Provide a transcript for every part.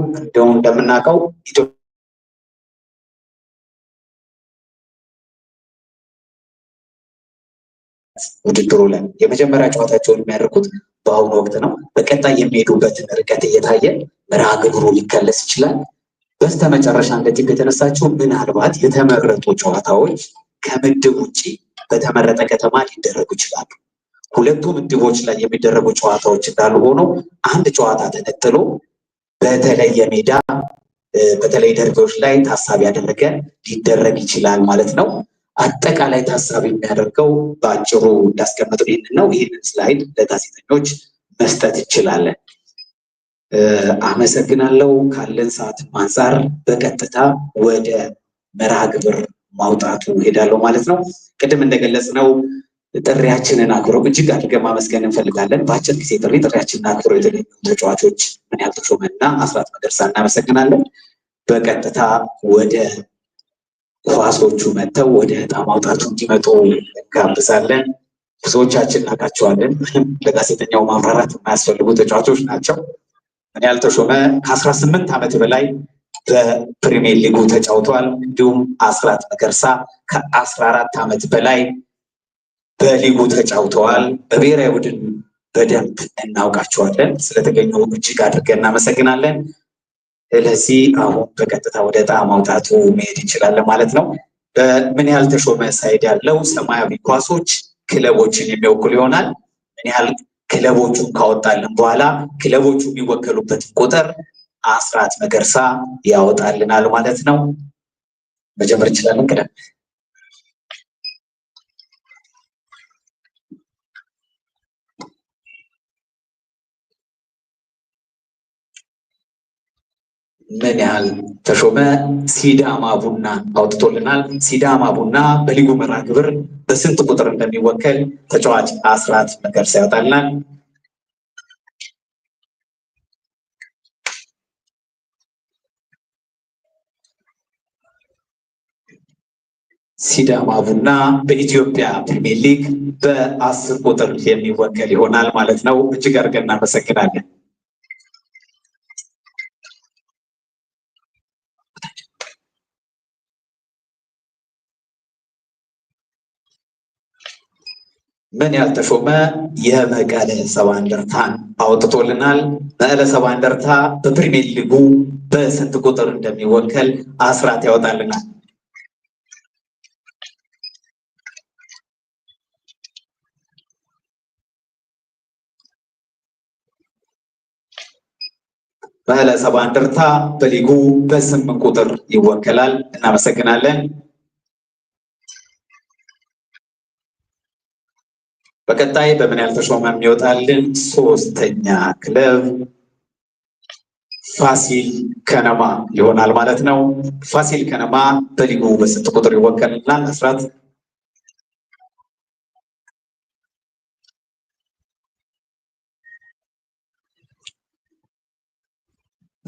እንደው እንደምናውቀው ውድድሩ ላይ የመጀመሪያ ጨዋታቸውን የሚያደርጉት በአሁኑ ወቅት ነው። በቀጣይ የሚሄዱበትን ርቀት እየታየ መርሃ ግብሩ ሊከለስ ይችላል። በስተመጨረሻ እንደዚህ የተነሳቸው ምናልባት የተመረጡ ጨዋታዎች ከምድብ ውጭ በተመረጠ ከተማ ሊደረጉ ይችላሉ። ሁለቱ ምድቦች ላይ የሚደረጉ ጨዋታዎች እንዳሉ ሆኖ አንድ ጨዋታ ተነጥሎ በተለየ ሜዳ በተለይ ደረጃዎች ላይ ታሳቢ ያደረገ ሊደረግ ይችላል ማለት ነው። አጠቃላይ ታሳቢ የሚያደርገው በአጭሩ እንዳስቀመጠው ይህንን ነው። ይህንን ስላይድ ለጋዜጠኞች መስጠት እንችላለን። አመሰግናለሁ። ካለን ሰዓትም አንጻር በቀጥታ ወደ መርሃ ግብር ማውጣቱ ሄዳለሁ ማለት ነው። ቅድም እንደገለጽ ነው ጥሪያችንን አክብረው እጅግ አድርገን ማመስገን እንፈልጋለን። በአጭር ጊዜ ጥሪ ጥሪያችንን አክብረው የተገኙ ተጫዋቾች ምን ያህል እና አስራት መደርሳ እናመሰግናለን። በቀጥታ ወደ ኳሶቹ መጥተው ወደ ዕጣ ማውጣቱ እንዲመጡ እንጋብዛለን። ብዙዎቻችን እናውቃቸዋለን። ምንም ለጋዜጠኛው ማብራራት የማያስፈልጉ ተጫዋቾች ናቸው። ምን ያህል ተሾመ ከአስራ ስምንት ዓመት በላይ በፕሪሚየር ሊጉ ተጫውቷል። እንዲሁም አስራት መገርሳ ከአስራ አራት ዓመት በላይ በሊጉ ተጫውተዋል። በብሔራዊ ቡድን በደንብ እናውቃቸዋለን። ስለተገኙ እጅግ አድርገን እናመሰግናለን። ስለዚህ አሁን በቀጥታ ወደ ዕጣ ማውጣቱ መሄድ እንችላለን ማለት ነው። በምን ያህል ተሾመ ሳይድ ያለው ሰማያዊ ኳሶች ክለቦችን የሚወክሉ ይሆናል። ምን ያህል ክለቦቹን ካወጣልን በኋላ ክለቦቹ የሚወከሉበት ቁጥር አስራት መገርሳ ያወጣልናል ማለት ነው። መጀመር እንችላለን። ቅደም ምን ያህል ተሾመ ሲዳማ ቡና አውጥቶልናል። ሲዳማ ቡና በሊጉ መራ ግብር በስንት ቁጥር እንደሚወከል ተጫዋች አስራት መገርሳ ያወጣልናል። ሲዳማ ቡና በኢትዮጵያ ፕሪሚየር ሊግ በአስር ቁጥር የሚወከል ይሆናል ማለት ነው። እጅግ አድርገን እናመሰግናለን። ምን ያልተሾመ የመቀለ ሰባ እንደርታን አውጥቶልናል። መቀለ ሰባ እንደርታ በፕሪሚየር ሊጉ በስንት ቁጥር እንደሚወከል አስራት ያወጣልናል። መቀለ ሰባ እንደርታ በሊጉ በስምንት ቁጥር ይወከላል። እናመሰግናለን። በቀጣይ በምን ያህል ተሾመ የሚወጣልን ሶስተኛ ክለብ ፋሲል ከነማ ይሆናል ማለት ነው። ፋሲል ከነማ በሊጉ በስንት ቁጥር ይወከልናል? አስራት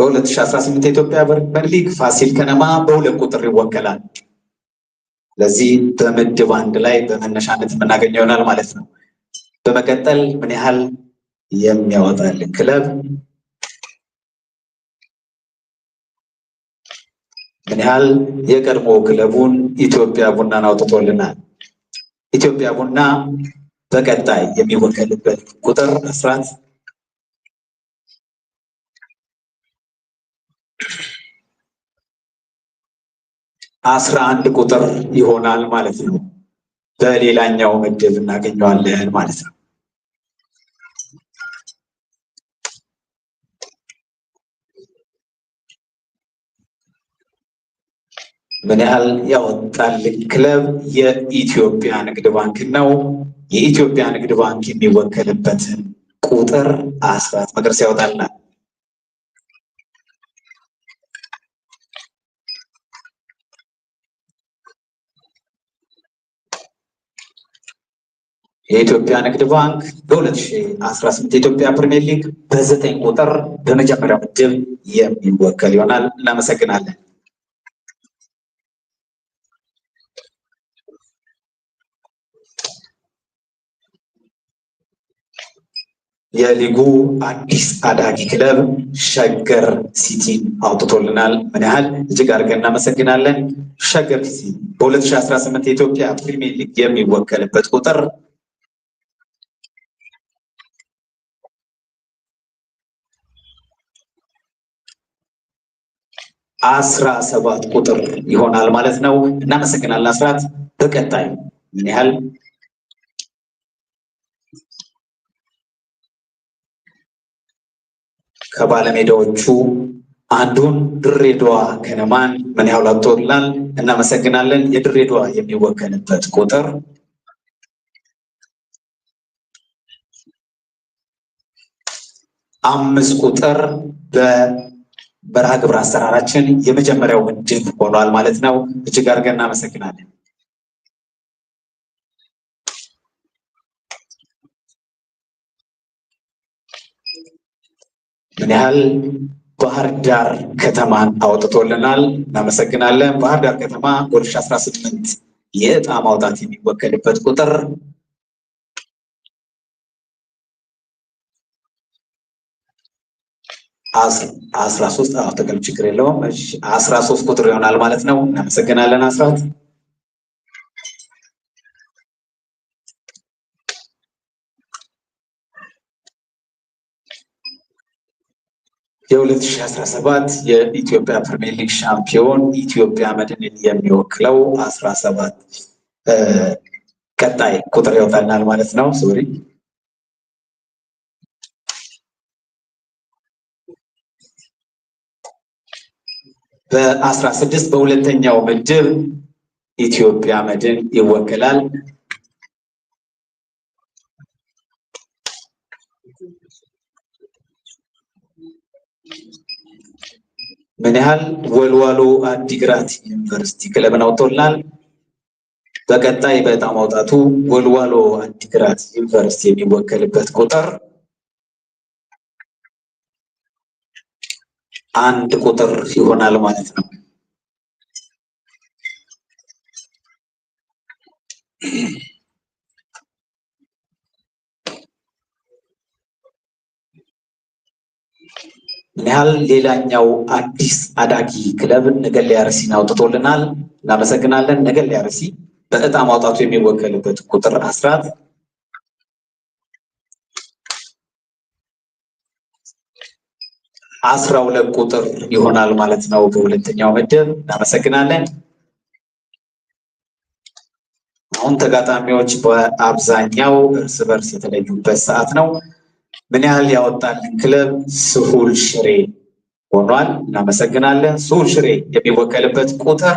በ2018 የኢትዮጵያ ፕሪሚየር ሊግ ፋሲል ከነማ በሁለት ቁጥር ይወከላል። ለዚህ በምድብ አንድ ላይ በመነሻነት የምናገኘው ይሆናል ማለት ነው። በመቀጠል ምን ያህል የሚያወጣል ክለብ ምን ያህል የቀድሞ ክለቡን ኢትዮጵያ ቡናን አውጥቶልናል። ኢትዮጵያ ቡና በቀጣይ የሚወከልበት ቁጥር አስራት አስራ አንድ ቁጥር ይሆናል ማለት ነው። በሌላኛው ምድብ እናገኘዋለን ማለት ነው። ምን ያህል ያወጣልን ክለብ የኢትዮጵያ ንግድ ባንክ ነው። የኢትዮጵያ ንግድ ባንክ የሚወከልበትን ቁጥር አስራት መቅርስ ያወጣልናል። የኢትዮጵያ ንግድ ባንክ በ2018 የኢትዮጵያ ፕሪሚየር ሊግ በዘጠኝ ቁጥር በመጀመሪያው ምድብ የሚወከል ይሆናል። እናመሰግናለን። የሊጉ አዲስ አዳጊ ክለብ ሸገር ሲቲ አውጥቶልናል። ምን ያህል እጅግ አድርገን እናመሰግናለን። ሸገር ሲቲ በ2018 የኢትዮጵያ ፕሪሚየር ሊግ የሚወከልበት ቁጥር አስራ ሰባት ቁጥር ይሆናል ማለት ነው። እናመሰግናለን አስራት። በቀጣይ ምን ያህል ከባለሜዳዎቹ አንዱን ድሬዳዋ ከነማን ምን ያህል አቶላል እናመሰግናለን። የድሬዳዋ የሚወከልበት ቁጥር አምስት ቁጥር በበረሃ ግብር አሰራራችን የመጀመሪያው ምድብ ሆኗል ማለት ነው። እጅግ አድርገን እናመሰግናለን። ምን ያህል ባህር ዳር ከተማን አውጥቶልናል። እናመሰግናለን። ባህር ዳር ከተማ ወደ 18 የእጣ ማውጣት የሚወከልበት ቁጥር አስራ ሶስት አሁ ተገል ችግር የለውም። አስራ ሶስት ቁጥር ይሆናል ማለት ነው። እናመሰግናለን አስራት የ2017 የኢትዮጵያ ፕሪሚየር ሊግ ሻምፒዮን ኢትዮጵያ መድንን የሚወክለው 17 ቀጣይ ቁጥር ይወጣልናል ማለት ነው። ሶሪ በ16 በሁለተኛው ምድብ ኢትዮጵያ መድን ይወክላል። ምን ያህል ወልዋሎ አዲግራት ዩኒቨርሲቲ ክለብን አውጥቶልናል። በቀጣይ በጣም ማውጣቱ ወልዋሎ አዲግራት ዩኒቨርሲቲ የሚወከልበት ቁጥር አንድ ቁጥር ይሆናል ማለት ነው። ምን ያህል ሌላኛው አዲስ አዳጊ ክለብን ነገሌ አርሲን አውጥቶልናል። እናመሰግናለን። ነገሌ አርሲ በእጣ ማውጣቱ የሚወከልበት ቁጥር አስራት አስራ ሁለት ቁጥር ይሆናል ማለት ነው። በሁለተኛው ምድብ እናመሰግናለን። አሁን ተጋጣሚዎች በአብዛኛው እርስ በርስ የተለዩበት ሰዓት ነው። ምን ያህል ያወጣልን ክለብ ስሁል ሽሬ ሆኗል። እናመሰግናለን። ስሁል ሽሬ የሚወከልበት ቁጥር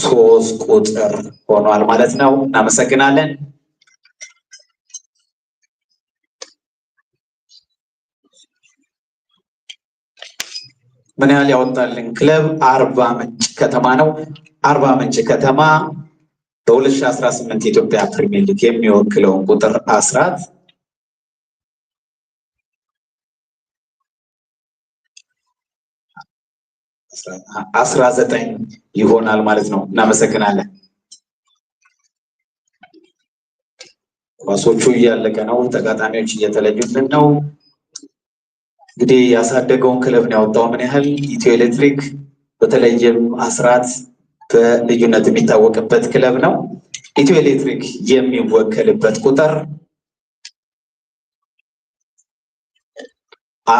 ሶስት ቁጥር ሆኗል ማለት ነው። እናመሰግናለን። ምን ያህል ያወጣልን ክለብ አርባ ምንጭ ከተማ ነው። አርባ ምንጭ ከተማ በ2018 የኢትዮጵያ ፕሪሚየር ሊግ የሚወክለውን ቁጥር አስራት አስራ ዘጠኝ ይሆናል ማለት ነው። እናመሰግናለን። ኳሶቹ እያለቀ ነው። ተጋጣሚዎች እየተለዩልን ነው። እንግዲህ ያሳደገውን ክለብ ነው ያወጣው። ምን ያህል ኢትዮ ኤሌክትሪክ በተለይም አስራት በልዩነት የሚታወቅበት ክለብ ነው። ኢትዮ ኤሌክትሪክ የሚወከልበት ቁጥር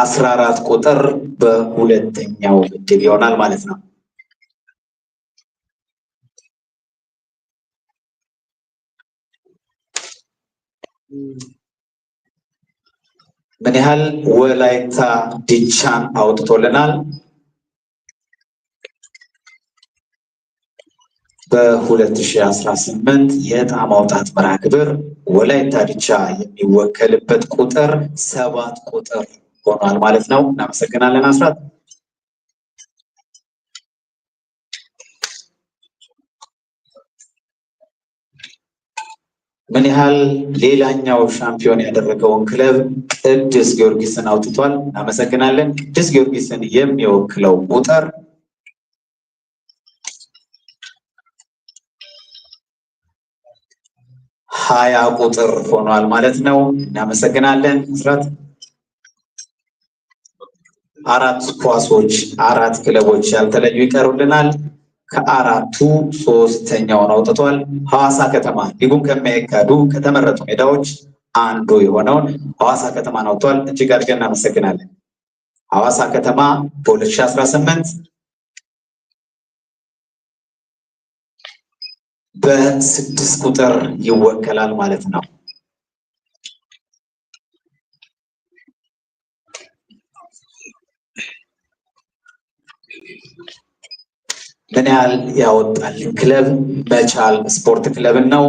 አስራ አራት ቁጥር በሁለተኛው ምድብ ይሆናል ማለት ነው። ምን ያህል ወላይታ ዲቻን አውጥቶልናል? በ2018 የዕጣ ማውጣት መርሃ ግብር ወላይታ የሚወከልበት ቁጥር ሰባት ቁጥር ሆኗል ማለት ነው። እናመሰግናለን አስራት። ምን ያህል ሌላኛው ሻምፒዮን ያደረገውን ክለብ ቅዱስ ጊዮርጊስን አውጥቷል። እናመሰግናለን። ቅዱስ ጊዮርጊስን የሚወክለው ቁጥር ሀያ ቁጥር ሆኗል ማለት ነው። እናመሰግናለን ስራት አራት ኳሶች አራት ክለቦች ያልተለዩ ይቀሩልናል። ከአራቱ ሶስተኛውን አውጥቷል። ሐዋሳ ከተማ ሊጉን ከሚያካሂዱ ከተመረጡ ሜዳዎች አንዱ የሆነውን ሐዋሳ ከተማን አውጥቷል። እጅግ አድርገን እናመሰግናለን። ሐዋሳ ከተማ በ2018 በስድስት ቁጥር ይወከላል ማለት ነው። ምን ያህል ያወጣል? ክለብ መቻል ስፖርት ክለብን ነው።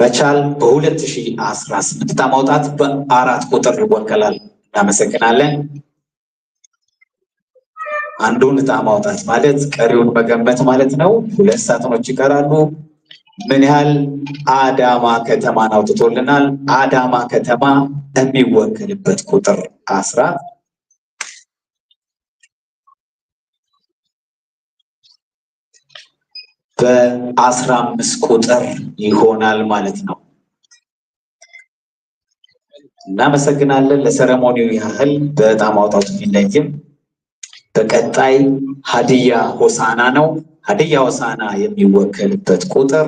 መቻል በ 2018 አስራ ማውጣት በአራት ቁጥር ይወከላል። እናመሰግናለን። አንዱን ዕጣ ማውጣት ማለት ቀሪውን መገመት ማለት ነው። ሁለት ሳጥኖች ይቀራሉ። ምን ያህል አዳማ ከተማን አውጥቶልናል? አዳማ ከተማ የሚወከልበት ቁጥር አስራ በአስራ አምስት ቁጥር ይሆናል ማለት ነው። እናመሰግናለን። ለሰረሞኒው ያህል በጣም አውጣቱ ቢለይም በቀጣይ ሀዲያ ሆሳና ነው። ሀዲያ ሆሳና የሚወከልበት ቁጥር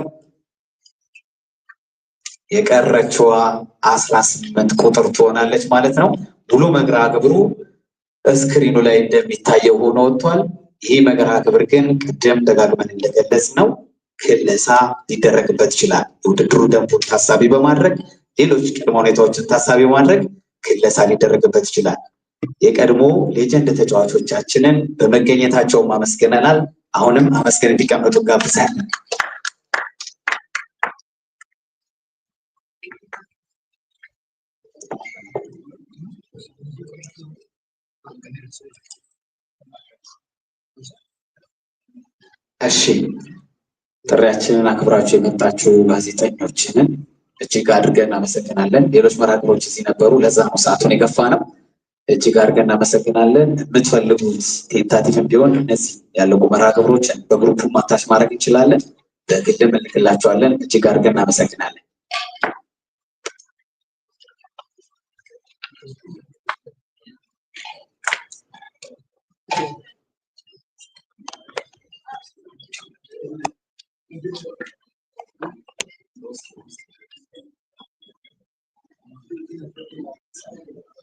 የቀረችዋ አስራ ስምንት ቁጥር ትሆናለች ማለት ነው። ሙሉ መግራ ግብሩ እስክሪኑ ላይ እንደሚታየው ሆኖ ወጥቷል። ይህ መግራ ግብር ግን ቅድም ደጋግመን እንደገለጽ ነው ክለሳ ሊደረግበት ይችላል። የውድድሩ ደንቡን ታሳቢ በማድረግ ሌሎች ቅድመ ሁኔታዎችን ታሳቢ በማድረግ ክለሳ ሊደረግበት ይችላል። የቀድሞ ሌጀንድ ተጫዋቾቻችንን በመገኘታቸውም አመስግነናል። አሁንም አመስገን እንዲቀመጡ ጋብዛለን። እሺ ጥሪያችንን አክብራችሁ የመጣችሁ ጋዜጠኞችንን እጅግ አድርገን እናመሰግናለን። ሌሎች መርሃ እዚህ ነበሩ። ለዛ ነው ሰዓቱን የገፋ ነው። እጅግ አድርገን እናመሰግናለን። የምትፈልጉት ቴንታቲቭም ቢሆን እነዚህ ያለቁ መርሃ ግብሮችን በግሩፕ ማታች ማድረግ እንችላለን። በግልም እንልክላቸዋለን። እጅግ አድርገን እናመሰግናለን።